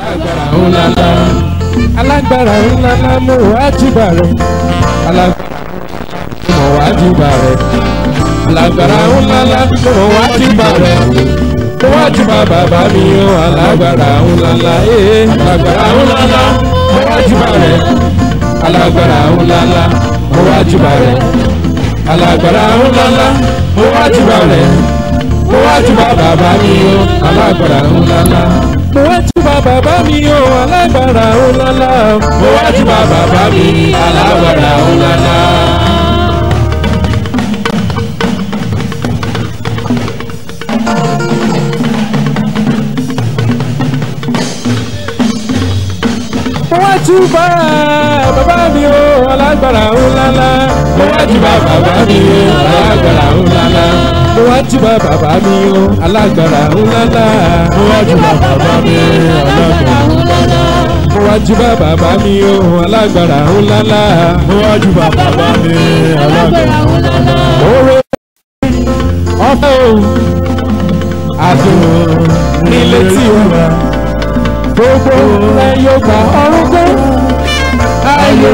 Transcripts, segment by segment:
alágbára ńláńlá alágbára ńláńlá mo wá jìbà rẹ alágbára mo wá jìbà rẹ alágbára ńláńlá mo wá jìbà rẹ mo wá jìbà bàbá mi o alágbára ńláńlá ee eh, eh. alágbára ńláńlá mo wá jìbà rẹ alágbára ńláńlá mo wá jìbà rẹ alágbára ńláńlá mo wá jìbà rẹ mo wá júbà bàbá mi o alágbára ńláńlá. mo wá júbà bàbá mi o alágbára ńláńlá. mo wá júbà bàbá mi alágbára ńláńlá. júbà bàbá mi o alágbára ńláńlá. mo wá júbà bàbá mi o alágbára ńláńlá mo wá bàbá mi o alágbára ńláńlá mo wá júbà bàbá mi alágbára ńláńlá mo bàbá mi o alágbára ńláńlá mo wá júbà bàbá mi alágbára ńláńlá. oore ọ̀fẹ́ o àdùn nílé tí o gbogbo ẹ yóò gba ọrùn gbé ayé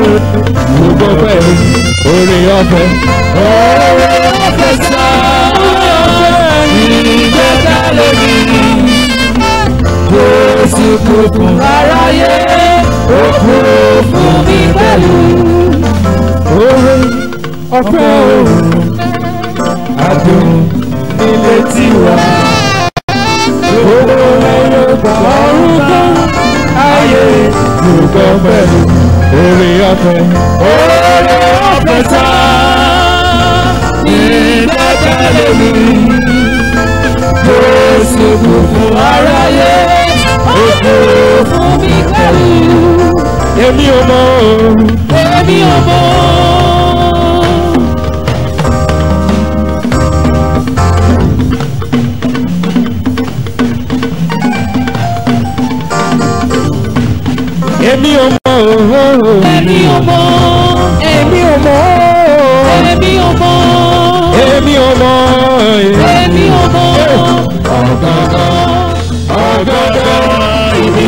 gbogbo pẹ̀lú oore ọ̀fẹ́ oore ọ̀fẹ́ sáà ìgbẹ́ta lórí kò sí kùkùn aráyé òkú fún mi pẹ̀lú òwe ọ̀pẹ òun àdùn ilé tiwa owó ẹyọ gbà ọrùn kan ayé lùgbọ́ pẹ̀lú èrè ọ̀fẹ́.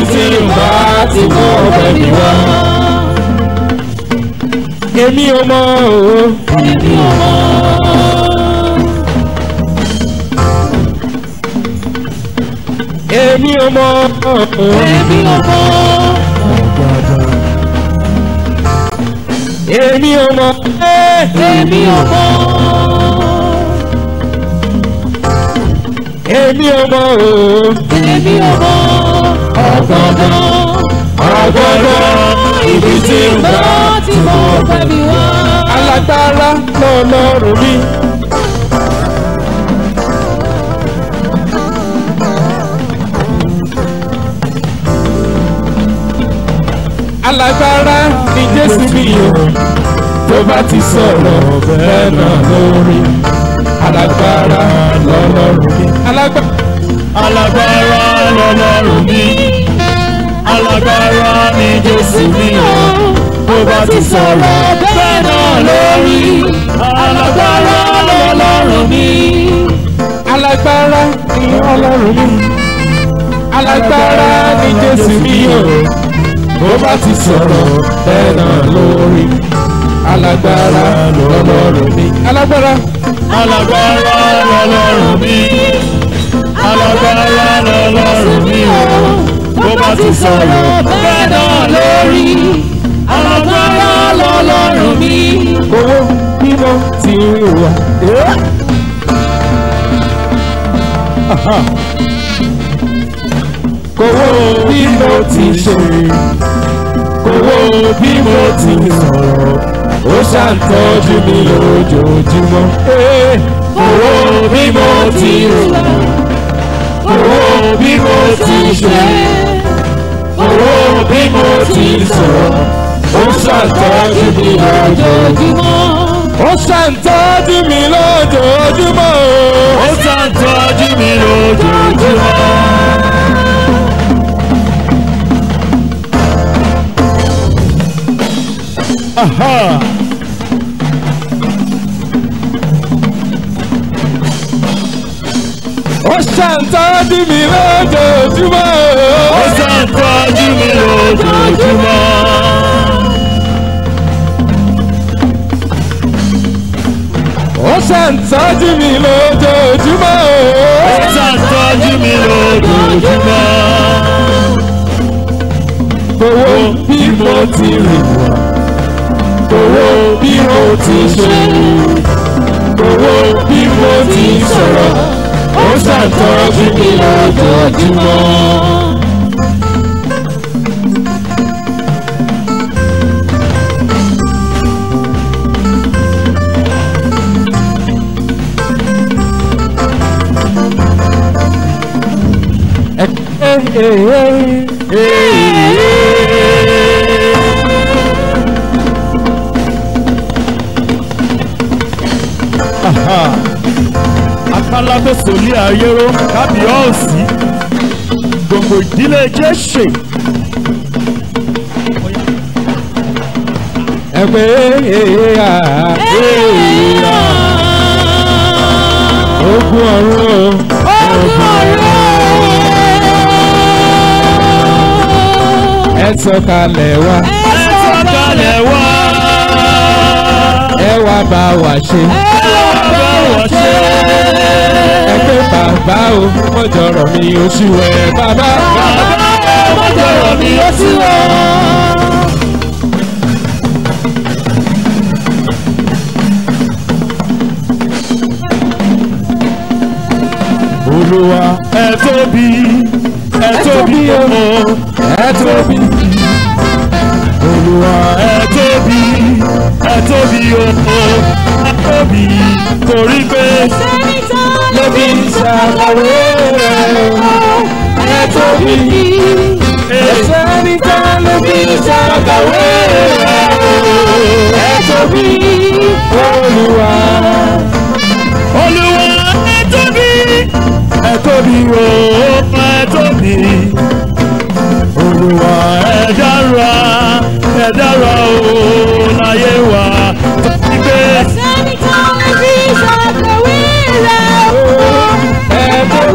tí yorùbá ti kọ́ ọbẹ̀ mi wá. èmi ò mọ̀ o. èmi ò mọ̀ o. èmi ò mọ̀ o. èmi ò mọ̀ o. èmi ò mọ̀ èmi ò mọ̀ èmi ò mọ̀ o èmi ò mọ̀ ọ̀gbọ́dọ̀ ọ̀gbọ́dọ̀ ibi tí ń bá tí mo gbà mí wá. alágbára lọ́lọ́run mi. alágbára ni jésù mi o tó bá ti sọ̀rọ̀ bẹ́ẹ̀ náà lórí alágbára lọ́lọ́run mi alágbára lọ́lọ́run mi alágbára ni Jésù mi o bó bá ti sọ̀rọ̀ bẹ́ẹ̀ náà lórí alágbára lọ́lọ́run mi alágbára ni ọlọ́run mi alágbára ni Jésù mi o bó bá ti sọ̀rọ̀ bẹ́ẹ̀ náà lórí alágbára lọ́lọ́run mi alágbára alágbára lọ́lọ́run mi alágbára lọ́lọ́run mi o bó bá ti sọ̀rọ̀ bẹ́ẹ̀ náà lórí alágbára lọ́lọ́run mi. owó bí mo ti wà. kówó bí mo ti ṣe kówó bí mo ti sọ̀rọ̀ ó ṣàǹtọ́jú mi lójoojúmọ́. kówó bí mo ti rò owó bí mo ti ṣe owó bí mo ti sọ ó ṣàtọ́jú mi lójoojúmọ́. ó ṣàtọ́jú mi lójoojúmọ́. ó ṣàtọ́jú mi lójoojúmọ́. Aha! ó ṣàǹtọ́jú mi lójoojúmọ́. ó ṣàǹtọ́jú mi lójoojúmọ́. ó ṣàǹtọ́jú mi lójoojúmọ́. ó ṣàǹtọ́jú mi lójoojúmọ́. owó bí mo ti rìn wá owó bí mo ti ṣe owó bí mo ti sọ̀rọ̀ ó ṣàtọ́jú mi lójoojúmọ́. hey, hey, hey, hey, hey. ayéró kábíyọ̀sí gbogbo ìdílé jésè. ẹ pé ee a ee a ogun ọ̀run ogun ọ̀run ẹ sọ̀kalẹ̀ wá ẹ sọ̀kalẹ̀ wá ẹ wá bá wa ṣe ẹ wá bá wa ṣe ẹ pé bàbá o mo jọ̀rọ̀ mi oṣù ẹ bàbá bàbá o mo jọ̀rọ̀ mi oṣù ẹ. Olúwa ẹ tóbi ẹ tóbi o ẹ tóbi Olúwa ẹ tóbi ẹ tóbi o tóbi torí pé lóbi ṣàlàyé rẹ̀ ẹ tóbi ẹsẹ̀ níta lóbi ṣàlàyé rẹ̀ ẹ tóbi e to ẹ tóbi ẹ tóbi o ẹ tóbi olúwa E dára ẹ dára o láyé wa tóbi pé.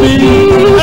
me.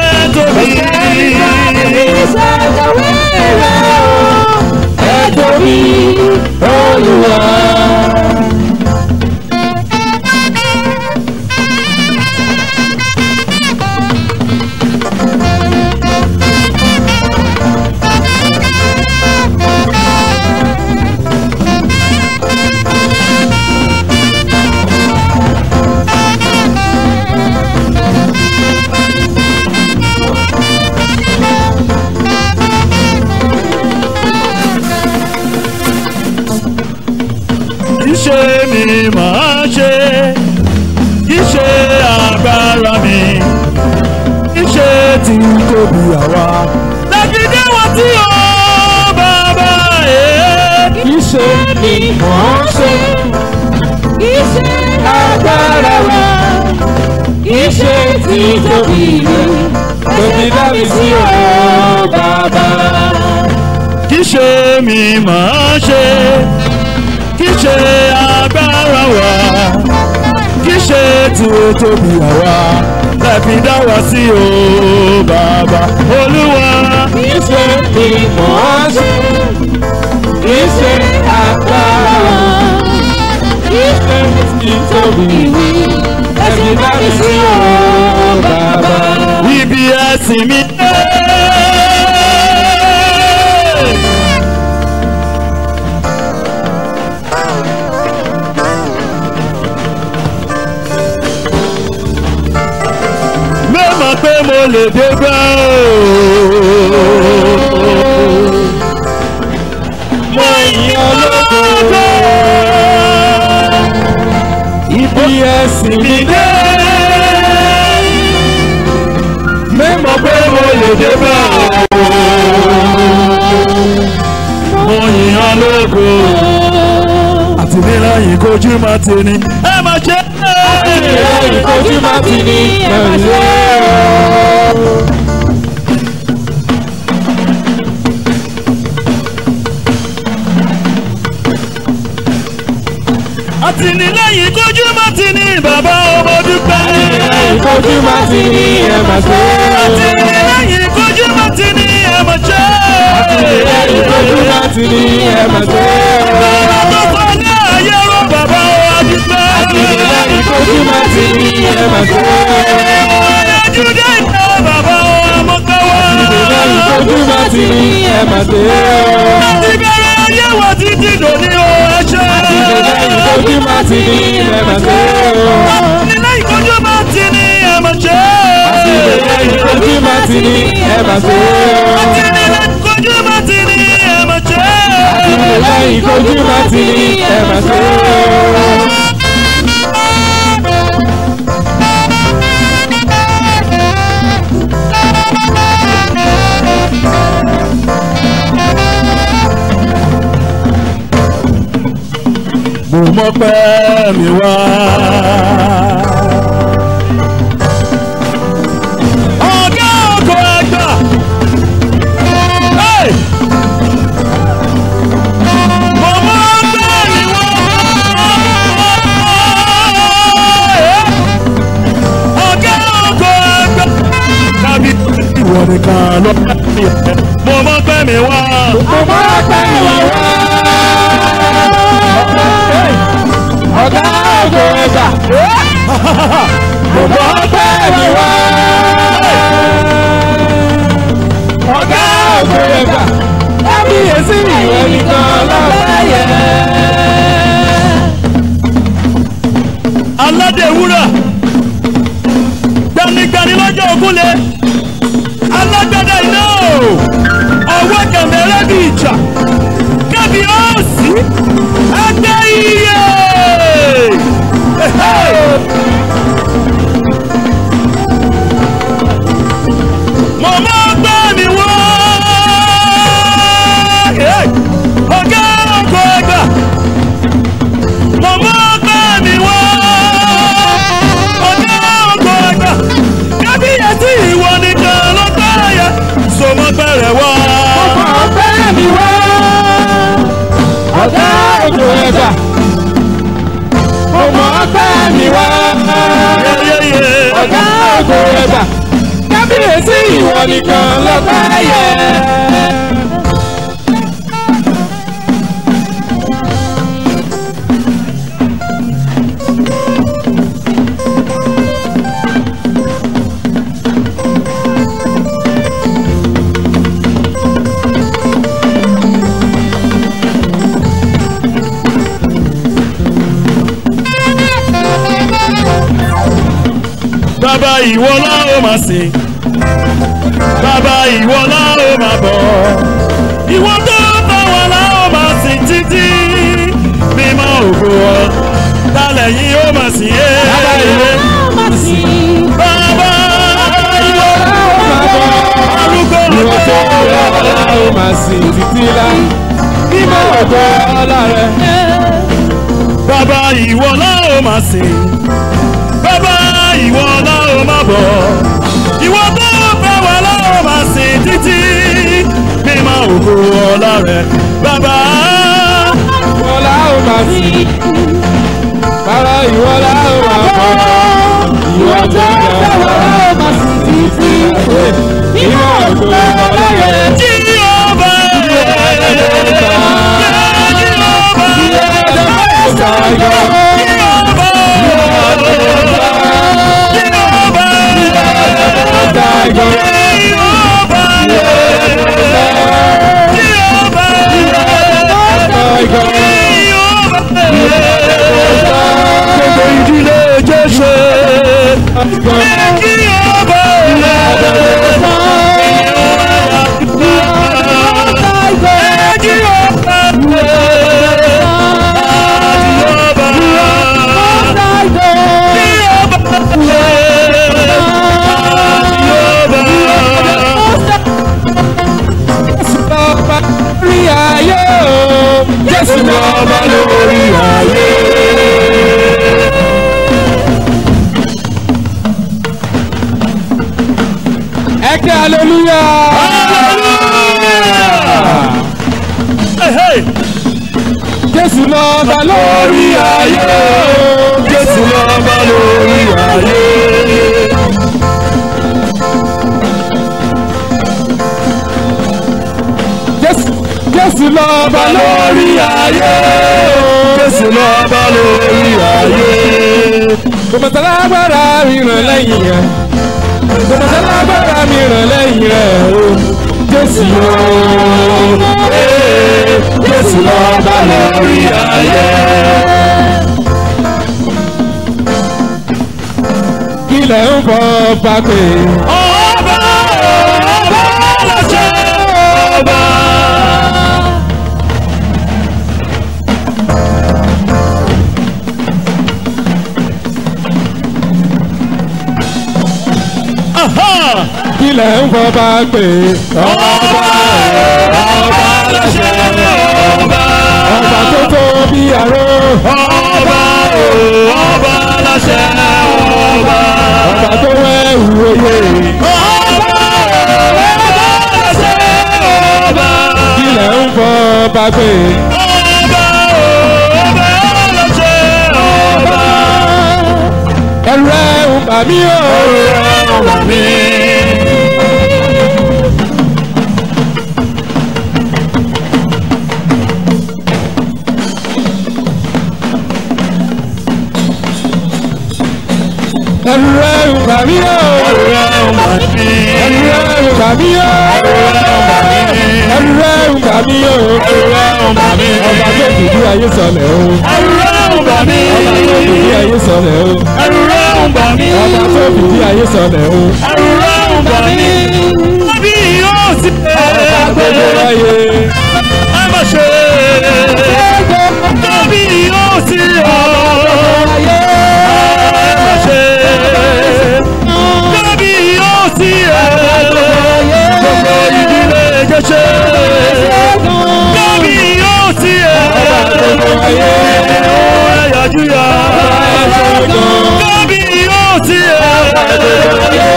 ṣe mi, iṣẹ́ tí tóbi mi, tóbi bá mi sí ọ̀rọ̀ bàbá. Kì í ṣe mi mò ń ṣe, agbára wa, kì í ṣe tóbi àwa láti dá wa sí o bàbá olúwa. Iṣẹ́ ni mò ń ṣe iṣẹ́ agbára. Iṣẹ́ nítorí ẹ̀sìn bá mi sí ọ̀rọ̀ bàbá. Ibi ẹ̀sìn mi dé. mọ̀ pé mo lè dé bẹ́ẹ̀ o. ẹ̀sìn mi dé. mímọ̀ pé mo lè dé bá àwọn mo yìn án lógo àti níláyìn kojú má ti ní. ẹ má ṣe é. àti níláyìn kojú má ti ní. ẹ má ṣe é. àti nílẹ̀yìn kojú bàbá ọmọ dúpẹ́. àtìlẹ́yìn má ti ní ẹ̀mọ̀ ṣe. àtìlẹ́yìn kojú má ti ní ẹ̀mọ̀ ṣe. àtìlẹ́yìn kojú má ti ní ẹ̀mọ̀ ṣe. bàbá tó kọ́ ní ayé rọ bàbá wa dúpẹ́. àtìlẹ́yìn kojú má ti ní ẹ̀mọ̀ ṣe. àjùdé ìta bàbá wa mọ́kẹ́wà. àtìlẹ́yìn kojú má ti ní ẹ̀mọ̀ ṣe. àti bẹ̀rẹ̀ ayé wa ti dìdò ojú máa ti ní ẹ̀mọ̀ ṣe o. àtìlẹ́ ìkọjú ti ní ẹ̀mọ̀ ṣe o. àtìlẹ́ ìkọjú máa ti ní ti ní ti ní kò mọ̀ pẹ́ mi wá. ọ̀gá ògo ẹgbà. mo mọ̀ pẹ́ mi wá. ọ̀gá ògo ẹgbà. tàbí ìwọ nìkan ló pẹ́ mi wá. mo mọ̀ pẹ́ mi wá. mo mọ̀ pẹ́ mi wá. ògo ẹ̀dá. Mo mọ ọpẹ́ mi wá. Ọ̀gá ògo ẹ̀dá. Kábíyèsí ìwọ nìkan lọ́pẹ́ yẹ. Aládé wúrà. ìwọ nìkan lọ́pàá yẹ. ìwọ láò máa sìn bàbá ìwọ láò máa bọ̀ ìwọ tó fẹ́ wà láò máa sìn títí mímọ́ ògo ọlá rẹ bàbá. ìwọ láò máa sìn bàbá ìwọ láò máa bọ̀ ìwọ tó fẹ́ wà láò máa sìn títí mímọ́ ògo ọlá rẹ. Let's go. Jésù lọ́ba lórí ayé Jésù lọ́ba lórí ayé. Kòmọ̀tà lágbára mi ràn lẹ́yìn rẹ̀ kòmọ̀tà lágbára mi ràn lẹ́yìn rẹ̀ o Jésù ooo Jésù lọ́ba lórí ayé. Ilẹ̀ ń bọ̀ bá pè é. kílẹ̀ ń fọ́ bá pè é ọba ọba ọba lọ́sẹ̀ ọba ọba tó tó bí aró ọba ọba lọ́sẹ̀ ọba ọba tó wẹ̀ wúwo yé ọba ọba lọ́sẹ̀ ọba kílẹ̀ ń fọ́ bá pè é. àrùrọ̀ ọ̀bọ̀ ni bí yóò sì pé gbogbo ayé ẹ má ṣe bí yóò sì ọ̀ ayé ẹ má ṣe bí yóò sì ẹ̀ gbogbo ìdílé jẹ́ṣẹ́ bí yóò sì ẹ̀ gbogbo ayé ẹ̀yà jùlọ bí yóò sì ẹ̀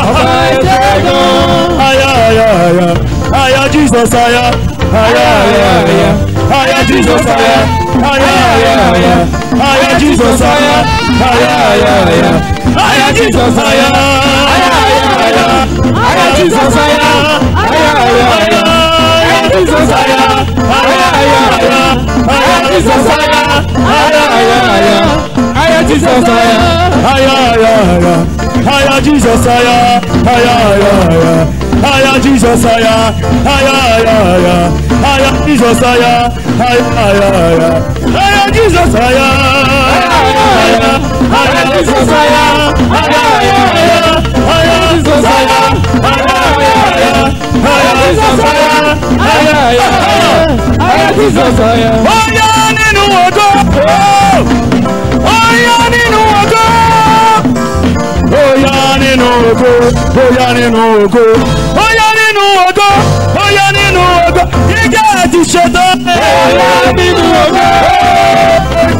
ọba ìṣẹ́gun. Aya aya aya aya Jesus aya aya aya aya aya Jesus aya aya aya aya aya Jesus aya aya aya aya aya Jesus aya aya aya aya aya Jesus aya aya aya aya aya Jesus aya aya aya aya aya Jesus aya aya aya aya aya Jesus aya higher, higher, higher, higher, Jesus, higher, higher, higher, higher, Jesus, higher, higher, higher, higher, Jesus, higher, higher, higher, higher, Jesus, higher, higher, higher, Jesus, higher, higher, higher, higher, Jesus, higher, higher, higher, Jesus, higher, higher, higher, Jesus, higher. Fire nínú ọjọ́. Bóyá nínú ògo. Bóyá nínú ògo. Bóyá nínú ògo. Bóyá nínú ògo. Bóyá nínú ògo. Gíga àti ṣetán. Bóyá nínú ògo.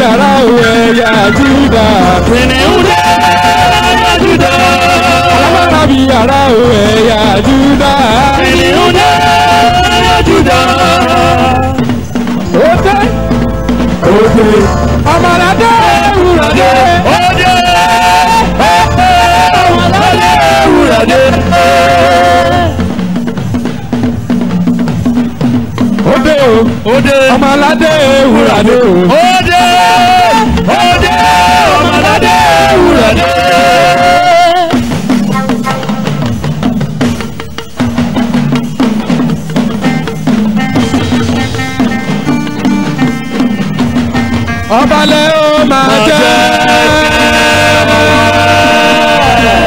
yàrá òwe yàjúdà. Tìrìwúdé yàjúdà. Alábàtà bí yàrá òwe yàjúdà. Tìrìwúdé yàjúdà. Òde. Òde. Ọmọládé wúradé. Òde. ode, wúradé. Òde o. Ode, Ọmọládé wúradé o. ode. ọbalẹ̀ ó máa jẹ́ ọbalẹ̀ ó máa jẹ́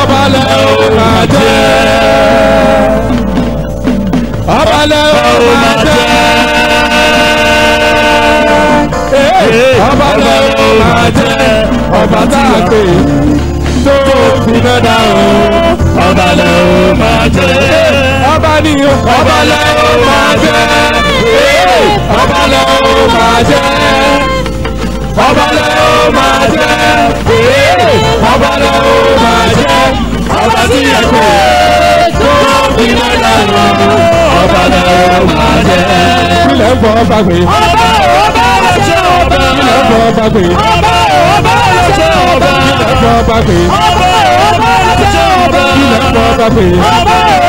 ọbalẹ̀ ó máa jẹ́ ọbalẹ̀ ó máa jẹ́ ọba tá a pè tó finá dá o ọbalẹ̀ ó máa jẹ́ ọba ni ọbalẹ̀ ó máa jẹ́ ọba ló máa jẹ́ ọba ló máa jẹ́ ọba ló máa jẹ́ ọba tí ẹ tó fi lọ́la lọ ọba ló máa jẹ́. ilẹ̀ ń bọ̀ ọba pé. ọba ọba ọjọ́ ọba. ilẹ̀ ń bọ̀ ọba pé. ọba ọba ọjọ́ ọba. ilẹ̀ ń bọ̀ ọba pé. ọba ọba ọjọ́ ọba. ilẹ̀ ń bọ̀ ọba pé. ọba ọba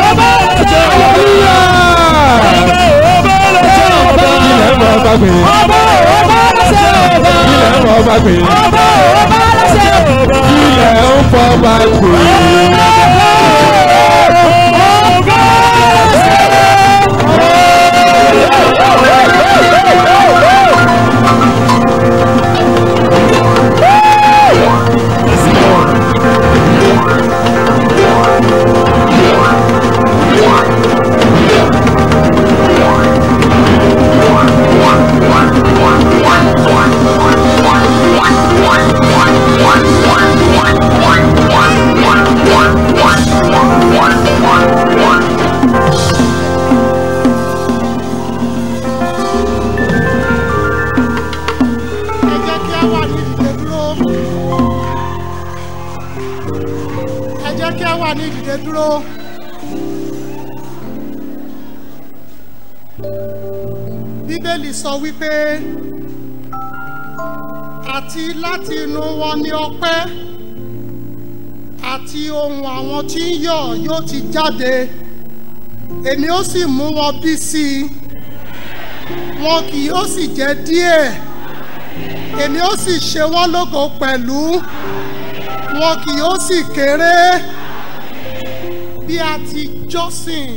pè é. ọba ọba aláṣẹ ọba. ilẹ̀ ń fọba pè é. ọba ọba aláṣẹ ọba. ilẹ̀ ń fọba pè é. yẹn dúró. bíbélì sọ wípé àti láti inú wọn ni ọpẹ́ àti ohun àwọn tí ń yọ̀ yóò ti jáde èmi ó sì mú wọn bí sí i wọn kì yóò sì jẹ́ díẹ̀ èmi ó sì ṣe wọ́n lógo pẹ̀lú wọn kì yóò sì kéré bí a ti jọ́sìn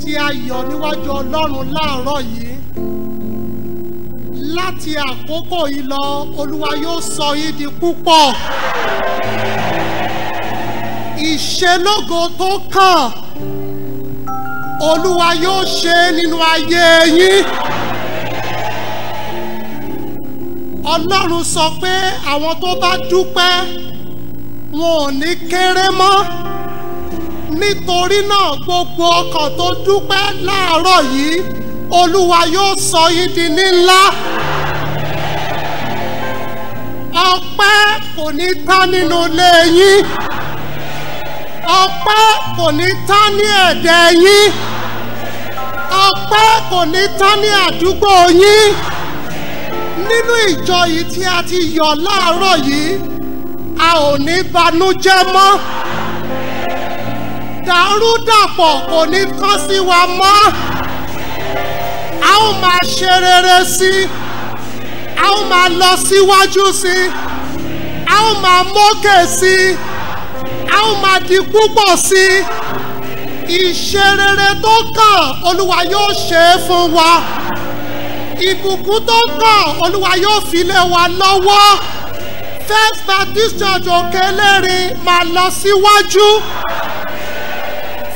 tí a yọ̀ níwájú ọlọ́run láàárọ̀ yìí láti àkókò yìí lọ olúwa yóò sọ yín di púpọ̀ ìṣelógo tó kàn olúwa yóò ṣe nínú ayé yín. ọlọ́run sọ pé àwọn tó bá dúpẹ́ wọn ò ní kéré mọ́ nítorí náà gbogbo ọkàn tó dúpẹ́ láàárọ̀ yìí olúwa yóò sọ yín di ní ńlá. ọpẹ́ kò ní tán nínú ilé yín ọpẹ́ kò ní tán ní ẹ̀dẹ̀ yín ọpẹ́ kò ní tán ní àdúgbò yín nínú ìjọ yìí tí a ti yọ̀ láàárọ̀ yìí a ò ní banújẹ́ mọ́ ìdàrúdàpọ̀ kò ní kán sí wa mọ́ a ó máa ṣe rere sí i a ó máa lọ síwájú sí i a ó máa mókè sí i a ó máa di púpọ̀ sí i ìṣe rere tó kàn olúwa yóò ṣe é fún wa ìbùkún tó kàn olúwa yóò fi lé wa lọ́wọ́ first baptist church òkè lérè máa lọ síwájú. Si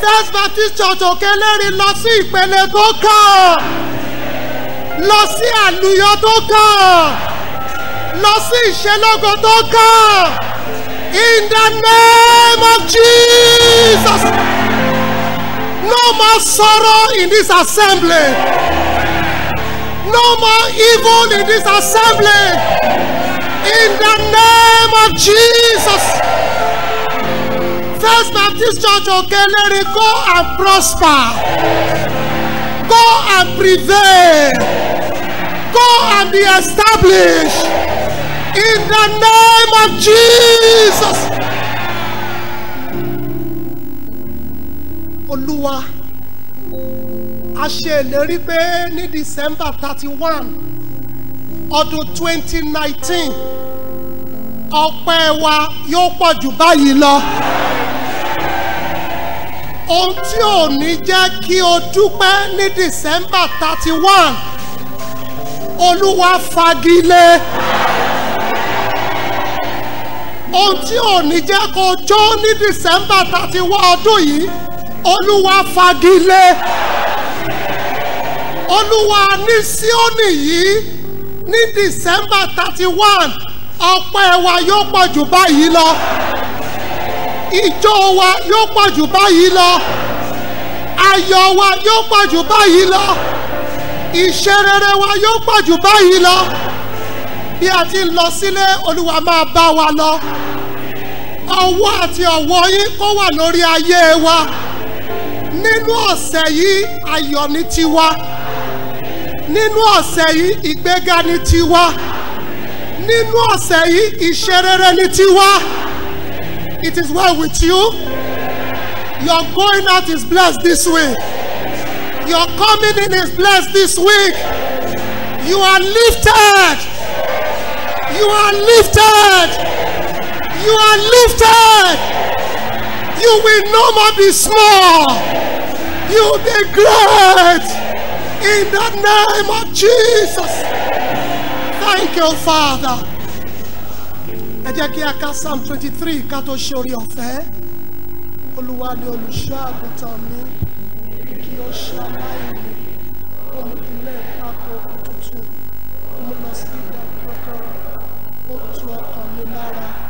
First Baptist Church Òkèlérè lọ sí ìpele tó kàn lọ sí àlùyọ tó kàn lọ sí ìṣelógo tó kàn in the name of Jesus no more sorrow in this assembly no more evil in this assembly in the name of Jesus. First Baptist Church Okelere, go and prosper. Go and prevail. Go and be established. In the name of Jesus. Olúwa, a ṣe ìlérí pé ní December thirty one ọdún twenty nineteen ọpẹ́ wa yóò pọ̀ jù báyìí lọ. ohun tí ò ní jẹ́ kí o dúpẹ́ ní december thirty one olúwa fagilé. ohun tí ò ní jẹ́ kó o jó ní december thirty one ọdún yìí olúwa fagilé. olúwa ní síónì yìí ní december thirty one ọpẹ́ wa yóò pọ̀ jù báyìí lọ ijó wa yóò pọ̀ jù báyìí lọ ayọ̀ wa yóò pọ̀ jù báyìí lọ ìṣe rere wa yóò pọ̀ jù báyìí lọ bí a ti ń lọ sílé olúwa máa bá wa lọ ọwọ́ àti ọ̀wọ́ yín kó wà lórí ayé wa nínú ọ̀sẹ̀ yìí ayọ̀ ni tiwa nínú ọ̀sẹ̀ yìí ìgbéga ni tiwa. nínú ọ̀sẹ̀ yìí iṣẹ́ rere ni tiwa it is well with you your going out is blessed this week your coming in is blessed this week you are lifted you are lifted you are lifted you will no more be small you will be great in the name of Jesus. Thank you, Father. Ẹ jẹ́ kí a ka Psalm 23. three ká tó ṣe orí ọ̀fẹ́. Olúwa ni olùṣọ́ àgùntàn mi, kí ó ṣe aláìní, ó mú ilé ìpapò òkú tuntun, ó lọ sí ìdàgbàsókè, ó tu ọkàn mi lára.